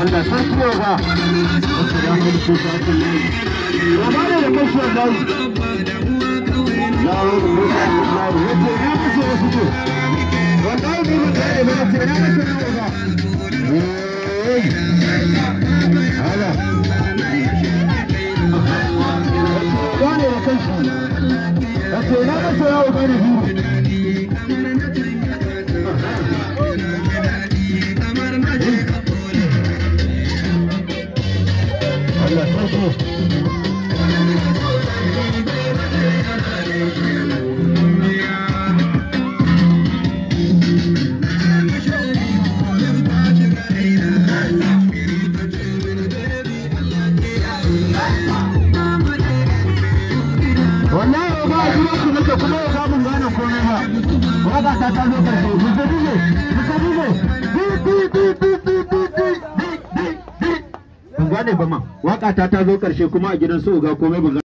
Allah san ciwo ba ba da mashiyar layi Allah wallahi ba a kuma kuma ya samun gane komai ba waka ta ta lokaci ban gane ba ma waka ta zo karshe kuma a gidan su uga komai ban